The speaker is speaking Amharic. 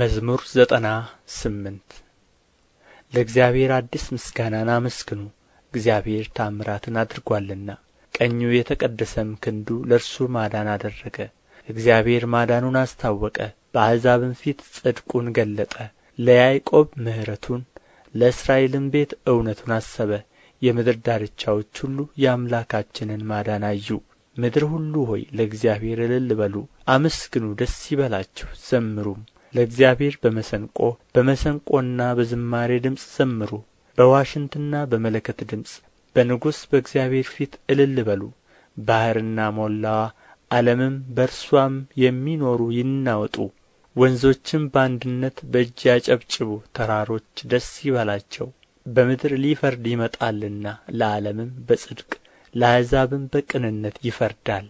መዝሙር ዘጠና ስምንት ለእግዚአብሔር አዲስ ምስጋናን አመስግኑ እግዚአብሔር ታምራትን አድርጓልና ቀኙ የተቀደሰም ክንዱ ለእርሱ ማዳን አደረገ እግዚአብሔር ማዳኑን አስታወቀ በአሕዛብም ፊት ጽድቁን ገለጠ ለያዕቆብ ምሕረቱን ለእስራኤልም ቤት እውነቱን አሰበ የምድር ዳርቻዎች ሁሉ የአምላካችንን ማዳን አዩ ምድር ሁሉ ሆይ ለእግዚአብሔር እልል በሉ አመስግኑ ደስ ይበላችሁ ዘምሩም ለእግዚአብሔር በመሰንቆ በመሰንቆና በዝማሬ ድምፅ ዘምሩ፣ በዋሽንትና በመለከት ድምፅ በንጉሥ በእግዚአብሔር ፊት እልል በሉ። ባሕርና ሞላዋ ዓለምም በእርሷም የሚኖሩ ይናወጡ። ወንዞችም በአንድነት በእጅ ያጨብጭቡ፣ ተራሮች ደስ ይበላቸው። በምድር ሊፈርድ ይመጣልና ለዓለምም በጽድቅ ለአሕዛብም በቅንነት ይፈርዳል።